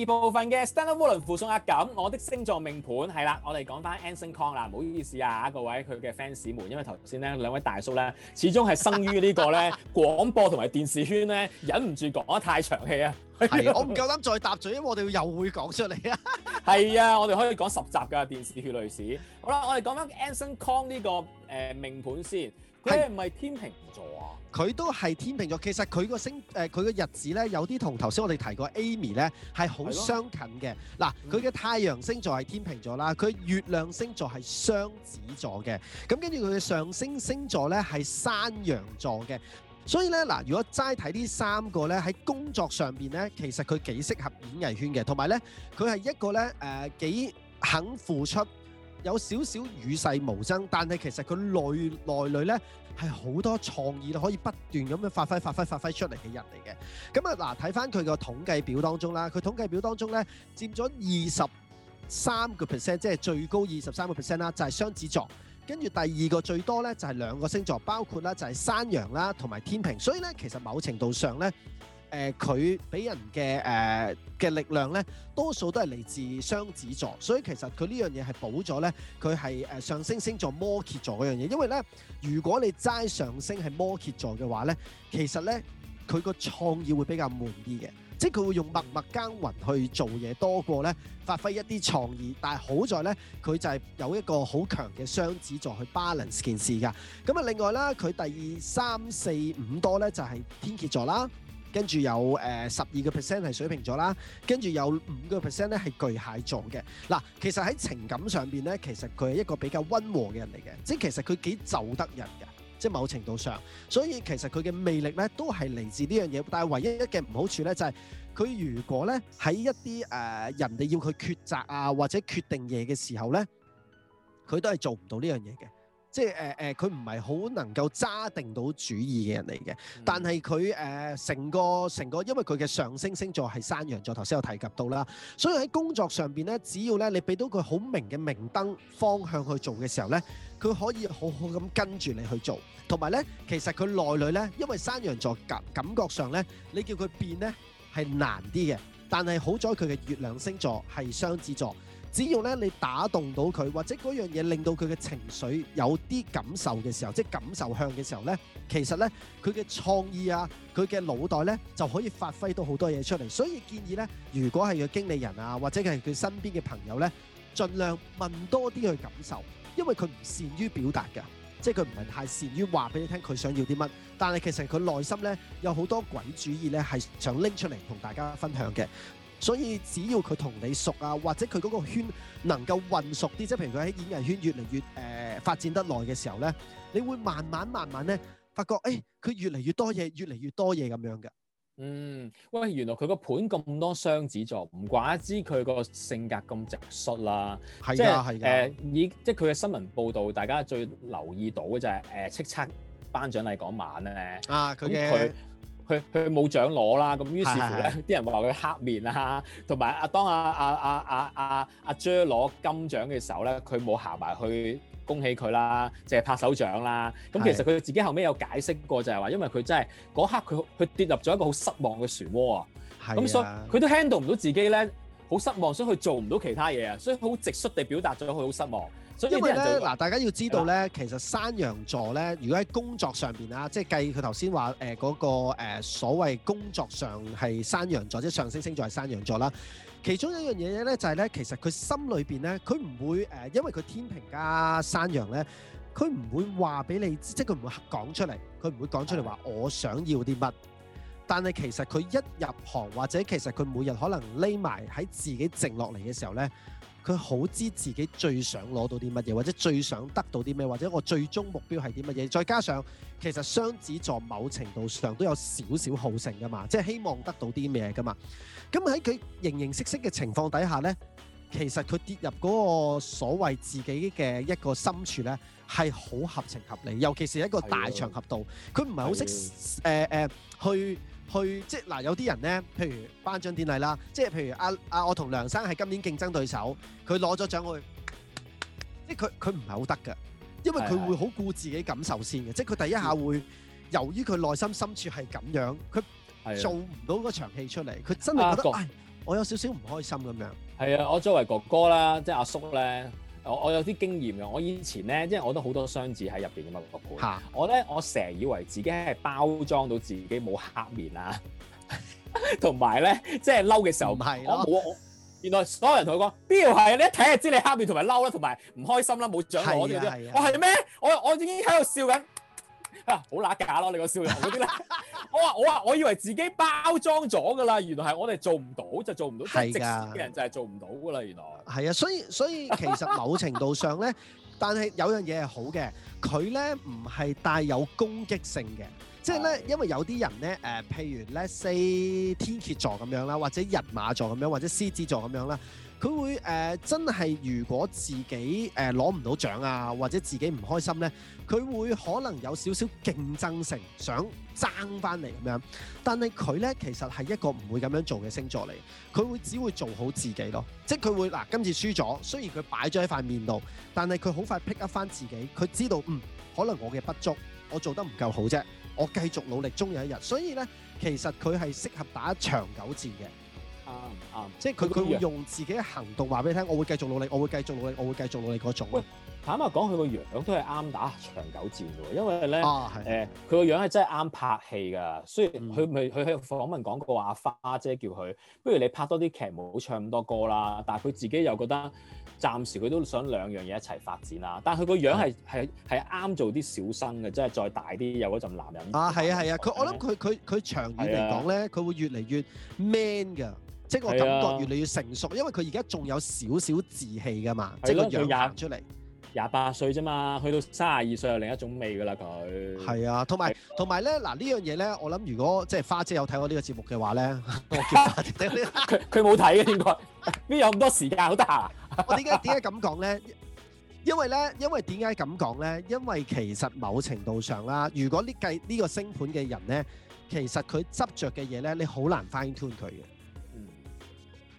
二部分嘅 Stanley Wallen 附送壓感，我的星座命盤係啦，我哋講翻 Anson Kong 啦，唔好意思啊各位佢嘅 fans 們，因為頭先咧兩位大叔咧始終係生於呢個咧 廣播同埋電視圈咧，忍唔住講得太長氣 啊，我唔夠膽再答嘴，因為我哋又會講出嚟啊，係 啊，我哋可以講十集噶電視血淚史，好啦，我哋講翻 Anson Kong 呢、呢個誒命、呃、盤先。佢係唔係天秤座啊？佢都係天秤座，其實佢個星誒佢個日子咧有啲同頭先我哋提過 Amy 咧係好相近嘅。嗱，佢嘅太陽星座係天秤座啦，佢月亮星座係雙子座嘅，咁跟住佢嘅上升星，星座咧係山羊座嘅。所以咧嗱、呃，如果齋睇呢三個咧喺工作上邊咧，其實佢幾適合演藝圈嘅，同埋咧佢係一個咧誒幾肯付出。有少少與世無爭，但係其實佢內內裏咧係好多創意，可以不斷咁樣發揮、發揮、發揮出嚟嘅人嚟嘅。咁啊，嗱，睇返佢個統計表當中啦，佢統計表當中咧佔咗二十三個 percent，即係最高二十三個 percent 啦，就係雙子座。跟住第二個最多咧就係兩個星座，包括啦就係山羊啦同埋天秤。所以咧，其實某程度上咧。誒佢俾人嘅誒嘅力量咧，多數都係嚟自雙子座，所以其實佢呢樣嘢係補咗咧。佢係誒上升星座摩羯座嗰樣嘢，因為咧，如果你齋上升係摩羯座嘅話咧，其實咧佢個創意會比較悶啲嘅，即係佢會用默默耕耕耘去做嘢多過咧發揮一啲創意。但係好在咧，佢就係有一個好強嘅雙子座去 balance 件事㗎。咁啊，另外啦，佢第二三四五多咧就係、是、天蠍座啦。跟住有誒十二個 percent 係水瓶座啦，跟住有五個 percent 咧係巨蟹座嘅。嗱，其實喺情感上邊咧，其實佢係一個比較温和嘅人嚟嘅，即係其實佢幾就得人嘅，即係某程度上。所以其實佢嘅魅力咧都係嚟自呢樣嘢，但係唯一一嘅唔好處咧就係佢如果咧喺一啲誒、呃、人哋要佢抉擇啊或者決定嘢嘅時候咧，佢都係做唔到呢樣嘢嘅。即係誒誒，佢唔係好能夠揸定到主意嘅人嚟嘅，嗯、但係佢誒成個成個，因為佢嘅上升星座係山羊座，頭先有提及到啦。所以喺工作上邊咧，只要咧你俾到佢好明嘅明燈方向去做嘅時候咧，佢可以好好咁跟住你去做。同埋咧，其實佢內裏咧，因為山羊座感感覺上咧，你叫佢變咧係難啲嘅。但係好彩佢嘅月亮星座係雙子座。只要咧你打動到佢，或者嗰樣嘢令到佢嘅情緒有啲感受嘅時候，即係感受向嘅時候咧，其實咧佢嘅創意啊，佢嘅腦袋咧就可以發揮到好多嘢出嚟。所以建議咧，如果係個經理人啊，或者係佢身邊嘅朋友咧，盡量問多啲去感受，因為佢唔善於表達嘅，即係佢唔係太善於話俾你聽佢想要啲乜，但係其實佢內心咧有好多鬼主意咧係想拎出嚟同大家分享嘅。所以只要佢同你熟啊，或者佢嗰個圈能夠混熟啲，即係譬如佢喺演藝圈越嚟越誒、呃、發展得耐嘅時候咧，你會慢慢慢慢咧發覺誒，佢、欸、越嚟越多嘢，越嚟越多嘢咁樣嘅。嗯，喂，原來佢個盤咁多雙子座，唔怪知佢個性格咁直率啦。係啊，係嘅。誒以即係佢嘅新聞報道大家最留意到嘅就係誒叱咤頒獎禮嗰晚咧。啊，佢嘅。佢佢冇獎攞啦，咁於是乎咧，啲人會話佢黑面啦，同埋阿當阿阿阿阿阿阿 Joe 攞金獎嘅時候咧，佢冇行埋去恭喜佢啦，淨係拍手掌啦。咁其實佢自己後尾有解釋過就，就係話因為佢真係嗰刻佢佢跌入咗一個好失望嘅漩渦啊。咁所以佢都 handle 唔到自己咧，好失望，所以佢做唔到其他嘢啊，所以好直率地表達咗佢好失望。因為咧，嗱，大家要知道咧，嗎其實山羊座咧，如果喺工作上邊啊，即係計佢頭先話誒嗰個誒所謂工作上係山羊座，即係上升星座係山羊座啦。其中一樣嘢咧，就係咧，其實佢心裏邊咧，佢唔會誒，因為佢天平加山羊咧，佢唔會話俾你知，即係佢唔會講出嚟，佢唔會講出嚟話我想要啲乜。但係其實佢一入行或者其實佢每日可能匿埋喺自己靜落嚟嘅時候咧。佢好知自己最想攞到啲乜嘢，或者最想得到啲咩，或者我最終目標係啲乜嘢？再加上其實雙子座某程度上都有少少好勝噶嘛，即係希望得到啲咩噶嘛。咁喺佢形形色色嘅情況底下咧，其實佢跌入嗰個所謂自己嘅一個深處咧，係好合情合理，尤其是一個大場合度，佢唔係好識誒誒去。去即係嗱，有啲人咧，譬如頒獎典禮啦，即係譬如阿、啊、阿我同梁生係今年競爭對手，佢攞咗獎去，即係佢佢唔係好得㗎，因為佢會好顧自己感受先嘅，的即係佢第一下會由於佢內心深處係咁樣，佢做唔到嗰場戲出嚟，佢真係覺得、啊哎、我有少少唔開心咁樣。係啊，我作為哥哥啦，即係阿叔咧。我我有啲經驗嘅，我以前咧，即係我都好多雙子喺入邊嘅嘛。個盤、啊。嚇！我咧我成日以為自己係包裝到自己冇黑面啦、啊，同埋咧即係嬲嘅時候，我冇我，我 原來所有人同佢講邊條係你一睇就知你黑面同埋嬲啦，同埋唔開心啦，冇獎我嘅啫。我係咩？我我已經喺度笑緊。好乸 架咯，你個笑容嗰啲咧，我話我話，我以為自己包裝咗噶啦，原來係我哋做唔到就做唔到，的即係直視嘅人就係做唔到噶啦，原來。係啊，所以所以，所以其實某程度上咧， 但係有樣嘢係好嘅，佢咧唔係帶有攻擊性嘅，即係咧，的因為有啲人咧，誒、呃，譬如 let's say 天蠍座咁樣啦，或者人馬座咁樣，或者獅子座咁樣啦。佢會誒、呃、真係，如果自己誒攞唔到獎啊，或者自己唔開心呢，佢會可能有少少競爭性，想爭翻嚟咁樣。但係佢呢，其實係一個唔會咁樣做嘅星座嚟，佢會只會做好自己咯。即係佢會嗱、啊，今次輸咗，雖然佢擺咗喺塊面度，但係佢好快 pick up 翻翻自己。佢知道嗯，可能我嘅不足，我做得唔夠好啫，我繼續努力，終有一日。所以呢，其實佢係適合打長久戰嘅。啱、um, um, 即係佢佢會用自己嘅行動話俾你聽，我會繼續努力，我會繼續努力，我會繼續努力嗰種。坦白講，佢個樣都係啱打長久戰嘅喎，因為咧誒，佢個、啊、樣係真係啱拍戲㗎。雖然佢咪佢喺訪問講過話，阿花姐叫佢不如你拍多啲劇，唔好唱咁多歌啦。但係佢自己又覺得暫時佢都想兩樣嘢一齊發展啦。但係佢個樣係係係啱做啲小生嘅，即係再大啲有嗰陣男人。啊，係啊，係啊，佢我諗佢佢佢長遠嚟講咧，佢的會越嚟越 man 嘅，即、就、係、是、我感覺越嚟越成熟，的因為佢而家仲有少少稚氣㗎嘛，即係個樣出嚟。廿八歲啫嘛，去到三十二歲又另一種味噶啦佢。係啊，同埋同埋咧，嗱呢樣嘢咧，我諗如果即係花姐有睇我呢個節目嘅話咧，佢佢冇睇嘅應該，邊 有咁多時間好得閒？ 我點解點解咁講咧？因為咧，因為點解咁講咧？因為其實某程度上啦，如果呢計呢個星盤嘅人咧，其實佢執着嘅嘢咧，你好難 fine tune 佢嘅。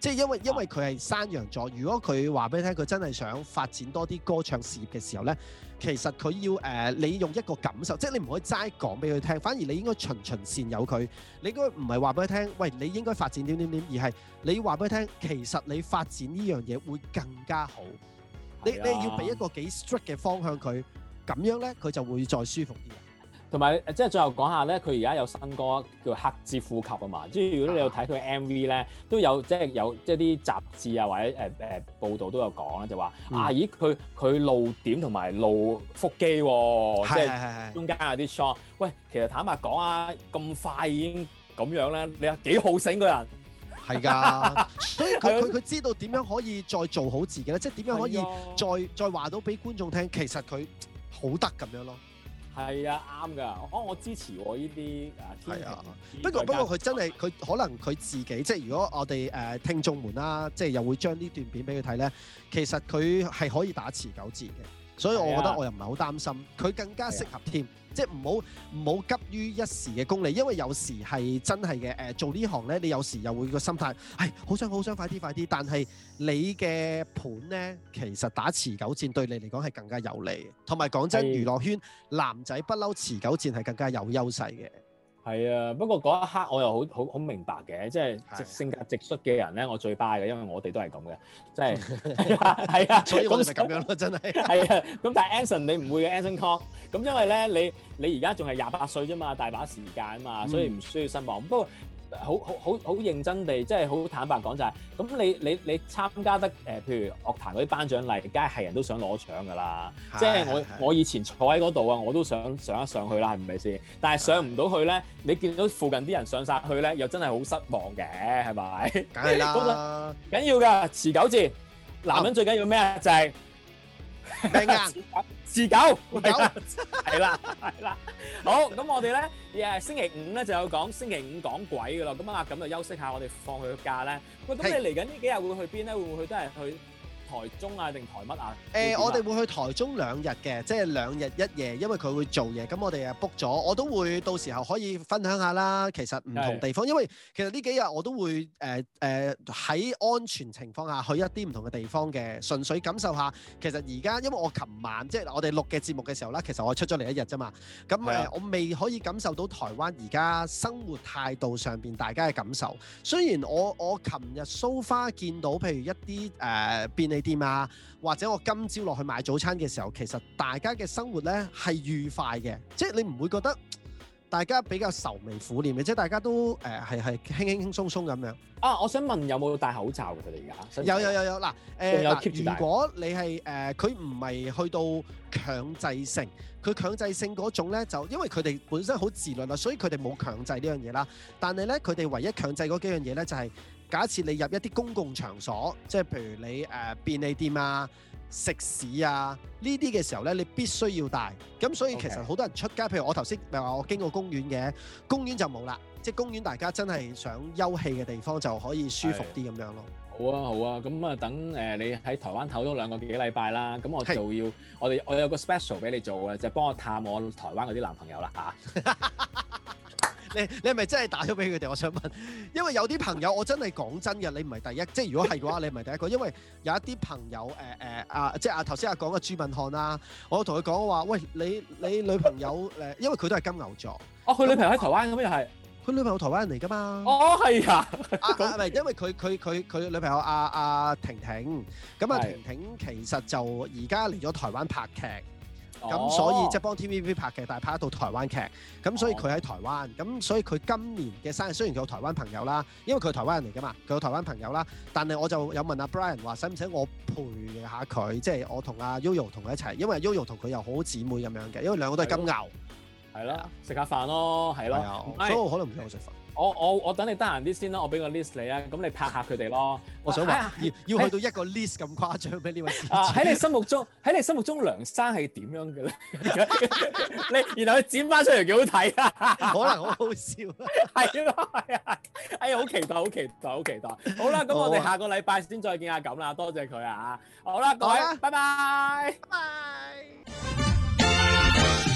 即係因為因為佢係山羊座，如果佢話俾你聽佢真係想發展多啲歌唱事業嘅時候呢，其實佢要誒、呃、你用一個感受，即係你唔可以齋講俾佢聽，反而你應該循循善誘佢。你應該唔係話俾佢聽，喂，你應該發展點點點，而係你話俾佢聽，其實你發展呢樣嘢會更加好。的你你要俾一個幾 strict 嘅方向佢，咁樣呢，佢就會再舒服啲。同埋，即係最後講下咧，佢而家有新歌叫《黑之呼吸》啊嘛。即係如果你有睇佢 MV 咧，都有即係有即係啲雜誌啊，或者誒誒報道都有講咧，就話、是、啊咦，佢佢露點同埋露腹肌喎、啊，即係中間有啲 shot。喂，其實坦白講啊，咁快已經咁樣咧，你話幾好醒個人？係㗎，所以佢佢 知道點樣可以再做好自己咧，即係點樣可以再的再話到俾觀眾聽，其實佢好得咁樣咯。係啊，啱㗎！哦，我支持我呢啲啊。係的啊，不過不過佢真係佢、啊、可能佢自己，即係如果我哋誒、呃、聽眾們啦、啊，即係又會將呢段片俾佢睇咧，其實佢係可以打持久戰嘅。所以我覺得我又唔係好擔心，佢更加適合添，是的 即係唔好唔好急於一時嘅功利，因為有時係真係嘅誒做呢行咧，你有時又會個心態係好想好想好想快啲快啲，但係你嘅盤咧其實打持久戰對你嚟講係更加有利，同埋講真，是的 娛樂圈男仔不嬲持久戰係更加有優勢嘅。係啊，不過嗰一刻我又好好好明白嘅，即係性格直率嘅人咧，我最 buy 嘅，因為我哋都係咁嘅，即係係 啊，係啊，所以我係咁樣咯，真係係啊，咁、 啊、但係 Anson 你唔會嘅 Anson Kong，咁因為咧你你而家仲係廿八歲啫嘛，大把時間啊嘛，所以唔需要失望。不過、嗯好好好好認真地，即係好坦白講就係，咁你你你參加得誒、呃，譬如樂壇嗰啲頒獎禮，梗係人都想攞獎㗎啦。的即係我的我以前坐喺嗰度啊，我都想上一上去啦，係咪先？但係上唔到去咧，的你見到附近啲人上晒去咧，又真係好失望嘅，係咪？梗係啦，緊 要㗎，持久戰，男人最緊要咩啊？就係、係。係啊，持久，係狗狗啦，係 啦，啦，好，咁我哋咧，誒，星期五咧就有講，星期五講鬼噶咯。咁啊，咁就休息下，我哋放佢個假咧。喂是，咁你嚟緊呢幾日會去邊咧？會唔會去都係去？台中啊，定台乜啊？誒，我哋會去台中兩日嘅，即係兩日一夜，因為佢會做嘢。咁我哋啊 book 咗，我都會到時候可以分享下啦。其實唔同地方，因為其實呢幾日我都會誒誒喺安全情況下，去一啲唔同嘅地方嘅，純粹感受下。其實而家因為我琴晚即係我哋錄嘅節目嘅時候啦，其實我出咗嚟一日啫嘛。咁誒，我未可以感受到台灣而家生活態度上邊大家嘅感受。雖然我我琴日 so far 見到，譬如一啲誒便利。店啊，或者我今朝落去買早餐嘅時候，其實大家嘅生活咧係愉快嘅，即係你唔會覺得大家比較愁眉苦臉嘅，即係大家都誒係係輕輕輕鬆鬆咁樣。呃、輕輕鬆鬆啊，我想問有冇戴口罩嘅佢哋而家？有有有有嗱，誒，如果你係誒，佢唔係去到強制性，佢強制性嗰種咧，就因為佢哋本身好自律啦，所以佢哋冇強制呢樣嘢啦。但係咧，佢哋唯一強制嗰幾樣嘢咧就係、是。假設你入一啲公共場所，即係譬如你誒、呃、便利店啊、食肆啊呢啲嘅時候咧，你必須要戴。咁所以其實好多人出街，譬如我頭先咪話我經過公園嘅公園就冇啦，即係公園大家真係想休憩嘅地方就可以舒服啲咁的樣咯、啊。好啊好啊，咁啊等誒、呃、你喺台灣唞咗兩個幾禮拜啦，咁我就要我哋的我有個 special 俾你做嘅，就係、是、幫我探我台灣嗰啲男朋友啦嚇。啊 你你係咪真係打咗俾佢哋？我想問，因為有啲朋友我真係講真嘅，你唔係第一，即係如果係嘅話，你唔係第一個，因為有一啲朋友誒誒，阿、呃呃呃、即係阿頭先阿講嘅朱敏漢啊，我同佢講話，喂，你你女朋友誒，因為佢都係金牛座，哦，佢女朋友喺台灣咁又係，佢女朋友台灣人嚟㗎嘛，哦係啊，唔、啊、係因為佢佢佢佢女朋友阿阿婷婷，咁啊婷婷、啊啊、的其實就而家嚟咗台灣拍劇。咁所以即係幫 TVB 拍劇，但係拍一套台灣劇，咁所以佢喺台灣，咁所以佢今年嘅生日雖然佢有台灣朋友啦，因為佢係台灣人嚟噶嘛，佢有台灣朋友啦，但係我就有問阿 Brian 話使唔使我陪下佢，即係我同阿 Yoyo 同佢一齊，因為 Yoyo 同佢又好姊妹咁樣嘅，因為兩個都係金牛，係啦，食下飯咯，係咯，係啦，唔係，所以我可能唔想食飯。我我我等你得閒啲先啦，我俾個 list 你啊，咁你拍下佢哋咯。我想話要要去到一個 list 咁誇張咩？呢位啊喺你心目中喺你心目中梁生係點樣嘅咧？你然後佢剪翻出嚟幾好睇啊？可能好好笑啊！係咯，係啊，哎，好期待，好期待，好期待。好啦，咁我哋下個禮拜先再見下咁啦。多謝佢啊，好啦，各位，拜拜，拜。